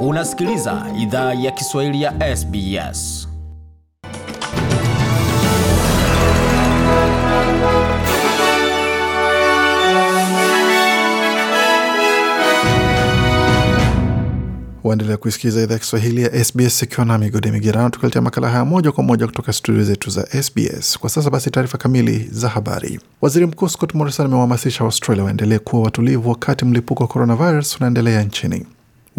Unasikiliza idhaa ya Kiswahili ya SBS. Waendelea kusikiliza idhaa ya Kiswahili ya SBS ikiwa na migodi migerano, tukiletea makala haya moja kwa moja kutoka studio zetu za SBS. Kwa sasa basi, taarifa kamili za habari. Waziri Mkuu Scott Morrison amewahamasisha Australia waendelee kuwa watulivu wakati mlipuko wa coronavirus unaendelea nchini.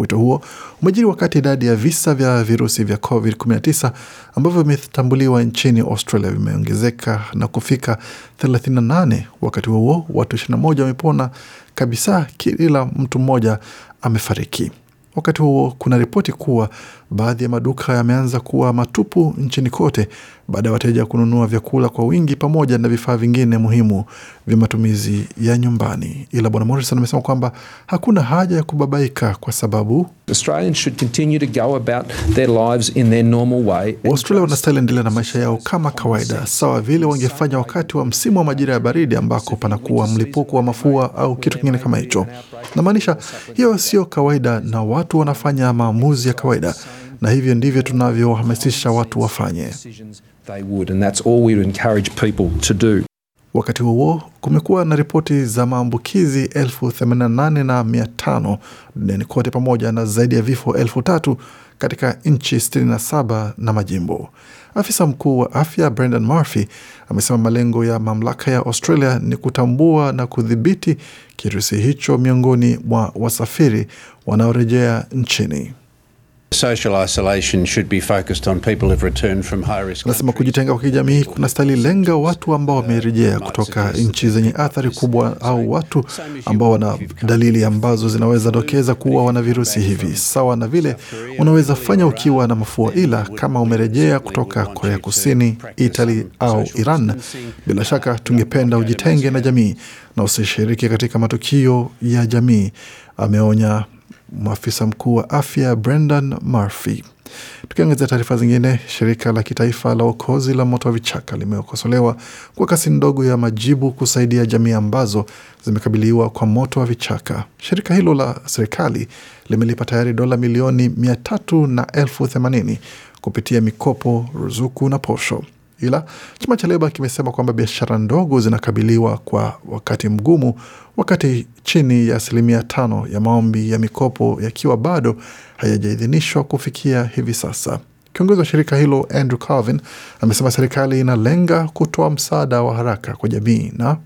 Wito huo umejiri wakati idadi ya visa vya virusi vya COVID-19 ambavyo vimetambuliwa nchini Australia vimeongezeka na kufika 38. Wakati huo watu 21 wamepona kabisa, kila mtu mmoja amefariki. Wakati huo kuna ripoti kuwa baadhi ya maduka yameanza kuwa matupu nchini kote baada ya wateja kununua vyakula kwa wingi pamoja na vifaa vingine muhimu vya matumizi ya nyumbani. Ila Bwana Morrison amesema kwamba hakuna haja ya kubabaika kwa sababu Waustralia wanastahili endelea na maisha yao kama kawaida, sawa vile wangefanya wakati wa msimu wa majira ya baridi ambako panakuwa mlipuko wa mafua au kitu kingine kama hicho. Namaanisha hiyo sio kawaida na watu wanafanya maamuzi ya kawaida, na hivyo ndivyo tunavyohamasisha watu wafanye. Wakati huo kumekuwa na ripoti za maambukizi elfu themanini na nane na mia tano duniani kote pamoja na zaidi ya vifo elfu tatu katika nchi 67 na majimbo. Afisa mkuu wa afya Brendan Murphy amesema malengo ya mamlaka ya Australia ni kutambua na kudhibiti kirusi hicho miongoni mwa wasafiri wanaorejea nchini anasema Nasema kujitenga kwa kijamii kunastahili lenga watu ambao wamerejea kutoka nchi zenye athari kubwa au watu ambao wana dalili ambazo zinaweza dokeza kuwa wana virusi hivi, sawa na vile unaweza fanya ukiwa na mafua, ila kama umerejea kutoka Korea Kusini, Itali au Iran, bila shaka tungependa ujitenge na jamii na usishiriki katika matukio ya jamii, ameonya mwafisa mkuu wa afya Brendan Murphy. Tukiangazia taarifa zingine, shirika la kitaifa la uokozi la moto wa vichaka limekosolewa kwa kasi ndogo ya majibu kusaidia jamii ambazo zimekabiliwa kwa moto wa vichaka. Shirika hilo la serikali limelipa tayari dola milioni mia tatu na elfu themanini kupitia mikopo, ruzuku na posho ila chama cha Leba kimesema kwamba biashara ndogo zinakabiliwa kwa wakati mgumu, wakati chini ya asilimia tano ya maombi ya mikopo yakiwa bado hayajaidhinishwa kufikia hivi sasa. Kiongozi wa shirika hilo Andrew Calvin amesema serikali inalenga kutoa msaada wa haraka kwa jamii na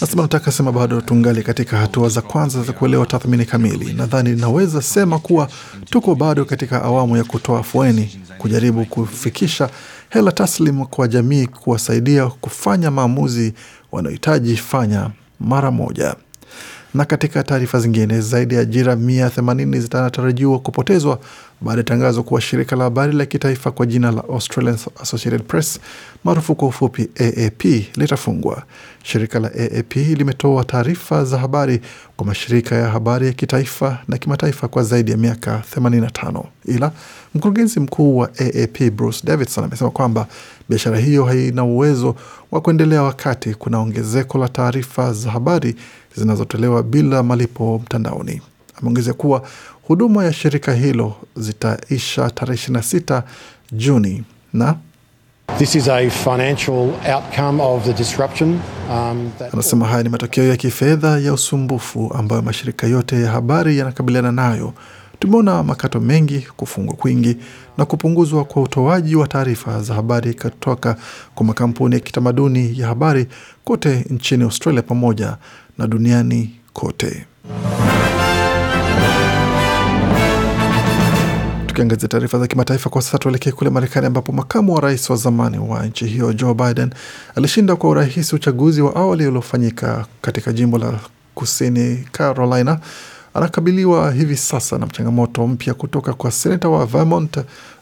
Nasema nataka sema bado tungali katika hatua za kwanza za kuelewa tathmini kamili. Nadhani ninaweza sema kuwa tuko bado katika awamu ya kutoa afueni, kujaribu kufikisha hela taslim kwa jamii, kuwasaidia kufanya maamuzi wanaohitaji fanya mara moja. Na katika taarifa zingine, zaidi ya ajira mia themanini zinatarajiwa kupotezwa baada ya tangazo kuwa shirika la habari la kitaifa kwa jina la Australian Associated Press maarufu kwa ufupi AAP litafungwa. Shirika la AAP limetoa taarifa za habari kwa mashirika ya habari ya kitaifa na kimataifa kwa zaidi ya miaka 85, ila mkurugenzi mkuu wa AAP Bruce Davidson amesema kwamba biashara hiyo haina uwezo wa kuendelea wakati kuna ongezeko la taarifa za habari zinazotolewa bila malipo mtandaoni. Ameongeza kuwa huduma ya shirika hilo zitaisha tarehe 26 Juni na Um, anasema haya ni matokeo ya kifedha ya usumbufu ambayo mashirika yote ya habari yanakabiliana nayo. Tumeona makato mengi, kufungwa kwingi na kupunguzwa kwa utoaji wa taarifa za habari kutoka kwa makampuni ya kitamaduni ya habari kote nchini Australia pamoja na duniani kote. Tukiangazia taarifa za kimataifa kwa sasa, tuelekee kule Marekani ambapo makamu wa rais wa zamani wa nchi hiyo Joe Biden alishinda kwa urahisi uchaguzi wa awali uliofanyika katika jimbo la kusini Carolina. Anakabiliwa hivi sasa na mchangamoto mpya kutoka kwa senata wa Vermont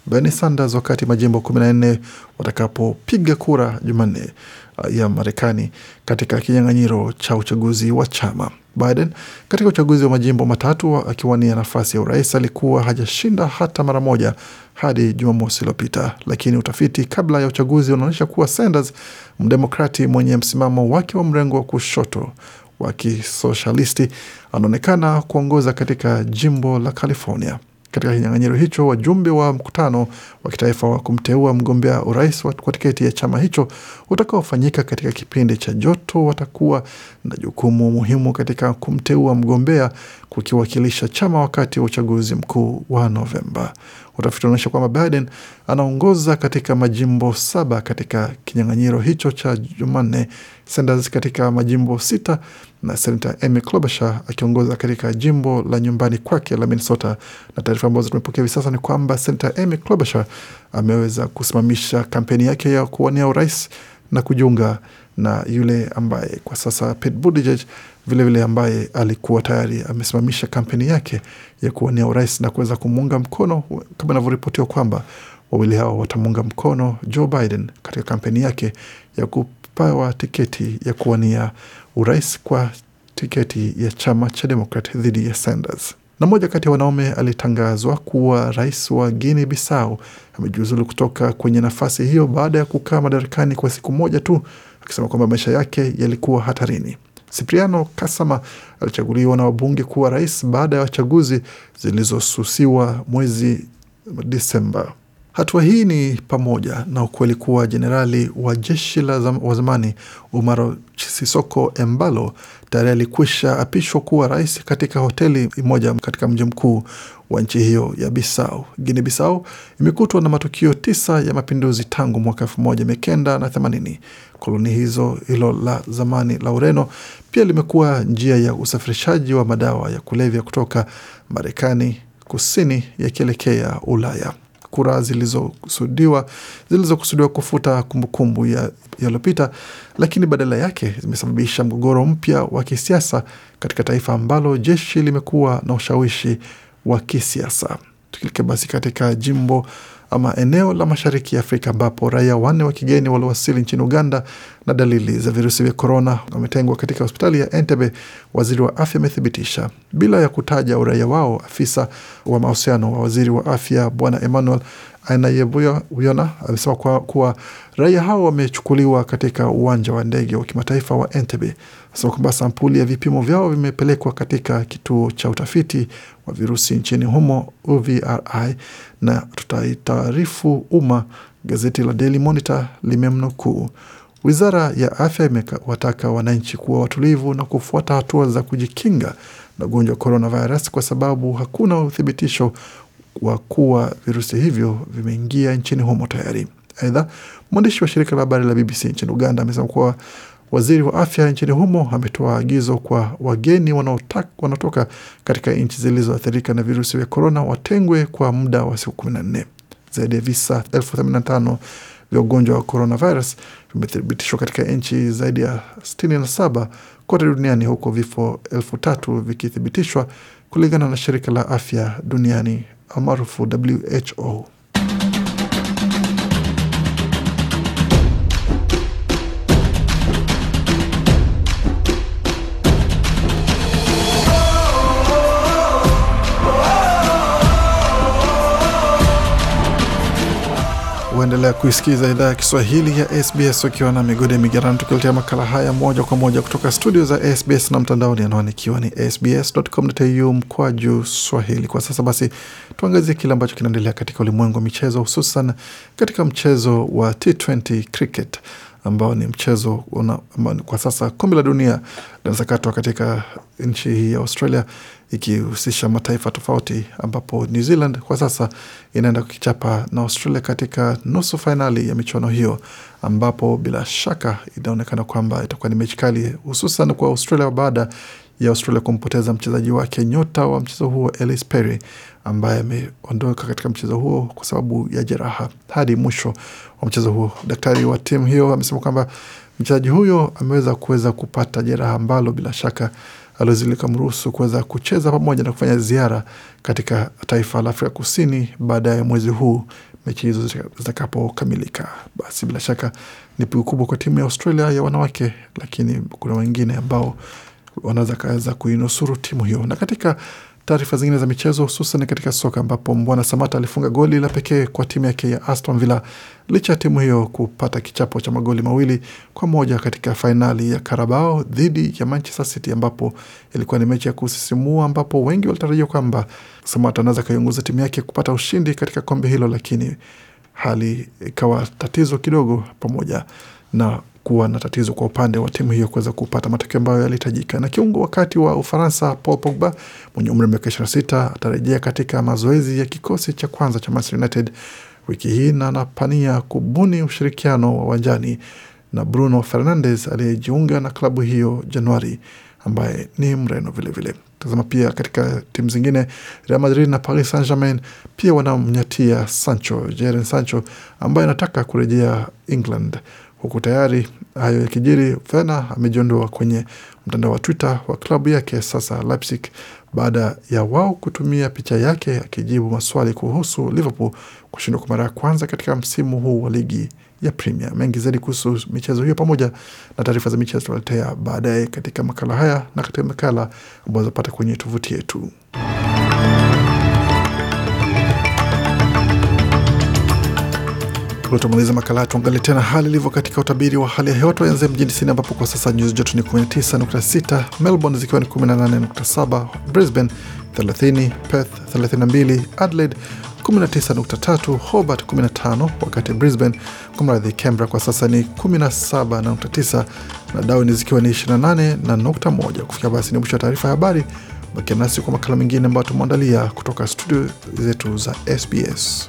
Bernie Sanders wakati majimbo 14 watakapopiga kura Jumanne uh, ya Marekani katika kinyang'anyiro cha uchaguzi wa chama. Biden katika uchaguzi wa majimbo matatu akiwania nafasi ya urais alikuwa hajashinda hata mara moja hadi Jumamosi iliyopita, lakini utafiti kabla ya uchaguzi unaonyesha kuwa Sanders, mdemokrati mwenye msimamo wake wa mrengo wa kushoto wa kisoshalisti, anaonekana kuongoza katika jimbo la California. Katika kinyang'anyiro hicho, wajumbe wa mkutano wa kitaifa wa kumteua mgombea urais kwa tiketi ya chama hicho utakaofanyika katika kipindi cha joto watakuwa na jukumu muhimu katika kumteua mgombea kukiwakilisha chama wakati wa uchaguzi mkuu wa Novemba. Utafiti unaonyesha kwamba Biden anaongoza katika majimbo saba katika kinyang'anyiro hicho cha Jumanne, Sanders katika majimbo sita na senata Amy Klobuchar akiongoza katika jimbo la nyumbani kwake la Minnesota. Na taarifa ambazo tumepokea hivi sasa ni kwamba senata Amy Klobuchar ameweza kusimamisha kampeni yake ya kuwania urais na kujiunga na yule ambaye kwa sasa Pete Buttigieg vilevile ambaye alikuwa tayari amesimamisha kampeni yake ya kuwania urais na kuweza kumuunga mkono kama inavyoripotiwa kwamba wawili hao watamuunga mkono Joe Biden katika kampeni yake ya kupawa tiketi ya kuwania urais kwa tiketi ya chama cha Demokrat dhidi ya Sanders na mmoja kati ya wanaume alitangazwa kuwa rais wa guine Bissau amejiuzulu kutoka kwenye nafasi hiyo baada ya kukaa madarakani kwa siku moja tu, akisema kwamba maisha yake yalikuwa hatarini. sipriano kasama alichaguliwa na wabunge kuwa rais baada ya chaguzi zilizosusiwa mwezi Disemba. Hatua hii ni pamoja na ukweli kuwa jenerali wa jeshi zam, wa zamani Umaro Sisoko Embalo tayari alikwisha apishwa kuwa rais katika hoteli moja katika mji mkuu wa nchi hiyo ya Bisau. Guinea Bisau imekutwa na matukio tisa ya mapinduzi tangu mwaka elfu moja mia kenda na themanini. Koloni hizo hilo la zamani la Ureno pia limekuwa njia ya usafirishaji wa madawa ya kulevya kutoka Marekani kusini yakielekea Ulaya kura zilizokusudiwa zilizokusudiwa kufuta kumbukumbu yaliyopita lakini badala yake zimesababisha mgogoro mpya wa kisiasa katika taifa ambalo jeshi limekuwa na ushawishi wa kisiasa. Tukilike basi katika jimbo ama eneo la mashariki ya Afrika ambapo raia wanne wa kigeni waliowasili nchini Uganda na dalili za virusi vya korona wametengwa katika hospitali ya Entebbe, waziri wa afya amethibitisha bila ya kutaja uraia wao. Afisa wa mahusiano wa waziri wa afya Bwana Emmanuel Anayevyona amesema kuwa, kuwa raia hao wamechukuliwa katika uwanja wa ndege wa kimataifa wa Entebbe. Anasema kwamba sampuli ya vipimo vyao vimepelekwa katika kituo cha utafiti wa virusi nchini humo UVRI na tutaitaarifu umma. Gazeti la Daily Monitor limemnukuu. Wizara ya afya imewataka wananchi kuwa watulivu na kufuata hatua za kujikinga na ugonjwa wa coronavirus kwa sababu hakuna uthibitisho wa kuwa virusi hivyo vimeingia nchini humo tayari. Aidha, mwandishi wa shirika la habari la BBC nchini Uganda amesema kuwa waziri wa afya nchini humo ametoa agizo kwa wageni wanaotoka katika nchi zilizoathirika na virusi vya korona watengwe kwa muda wa siku kumi na nne. Zaidi ya visa elfu themanini na tano vya ugonjwa wa coronavirus vimethibitishwa katika nchi zaidi ya 67 kote duniani, huku vifo elfu tatu vikithibitishwa kulingana na shirika la afya duniani for WHO. waendelea kuisikiza idhaa ya Kiswahili ya SBS wakiwa na migodi ya migerano, tukiletea makala haya moja kwa moja kutoka studio za SBS na mtandaoni, anwani ikiwa ni sbs.com.au juu swahili. Kwa sasa basi, tuangazie kile ambacho kinaendelea katika ulimwengu wa michezo, hususan katika mchezo wa T20 cricket ambao ni mchezo una, amba, kwa sasa kombe la dunia linasakatwa katika nchi hii ya Australia ikihusisha mataifa tofauti, ambapo New Zealand kwa sasa inaenda kukichapa na Australia katika nusu fainali ya michuano hiyo, ambapo bila shaka inaonekana kwamba itakuwa ni mechi kali, hususan kwa Australia baada ya Australia kumpoteza mchezaji wake nyota wa mchezo huo Ellis Perry ambaye ameondoka katika mchezo huo kwa sababu ya jeraha hadi mwisho wa mchezo huo. Daktari wa timu hiyo amesema kwamba mchezaji huyo ameweza kuweza kupata jeraha ambalo bila shaka alizilika mruhusu kuweza kucheza pamoja na kufanya ziara katika taifa la Afrika Kusini baada ya mwezi huu mechi hizo zitakapokamilika. Basi bila shaka ni pigo kubwa kwa timu ya Australia ya wanawake, lakini kuna wengine ambao wanaweza kaweza kuinusuru timu hiyo. Na katika taarifa zingine za michezo, hususan katika soka, ambapo Mbwana Samata alifunga goli la pekee kwa timu yake ya Aston Villa licha ya timu hiyo kupata kichapo cha magoli mawili kwa moja katika fainali ya Karabao dhidi ya Manchester City, ambapo ilikuwa ni mechi ya kusisimua, ambapo wengi walitarajia kwamba Samata anaweza kaiunguza timu yake kupata ushindi katika kombe hilo, lakini hali ikawa tatizo kidogo pamoja na kuwa na tatizo kwa upande wa timu hiyo kuweza kupata matokeo ambayo yalihitajika. Na kiungo wakati wa Ufaransa Paul Pogba mwenye umri wa miaka 26 atarejea katika mazoezi ya kikosi cha kwanza cha Manchester United wiki hii na anapania kubuni ushirikiano wa uwanjani na Bruno Fernandes aliyejiunga na klabu hiyo Januari, ambaye ni mreno vilevile. Tazama pia katika timu zingine, Real Madrid na Paris Saint Germain pia wanamnyatia Sancho, Jadon Sancho ambaye anataka kurejea England Huku tayari hayo yakijiri, Fena amejiondoa kwenye mtandao wa Twitter wa klabu yake sasa Leipzig baada ya wao kutumia picha yake akijibu maswali kuhusu Liverpool kushindwa kwa mara ya kwanza katika msimu huu wa ligi ya Premier. Mengi zaidi kuhusu michezo hiyo pamoja na taarifa za michezo tunaletea baadaye katika makala haya na katika makala ambazo pata kwenye tovuti yetu. tumaliza makala, tuangalie tena hali ilivyo katika utabiri wa hali ya hewa. Tuanzie mjini Sydney ambapo kwa sasa nyuzi joto ni 19.6, Melbourne zikiwa ni 18.7, Brisbane 30, Perth 32, Adelaide 19.3, Hobart 15, wakati Brisbane kumradhi, Canberra kwa sasa ni 17.9 na Darwin zikiwa ni 28 na nukta moja. Kufikia basi ni mwisho wa taarifa ya habari. Bakia nasi kwa makala mengine ambayo tumeandalia kutoka studio zetu za SBS.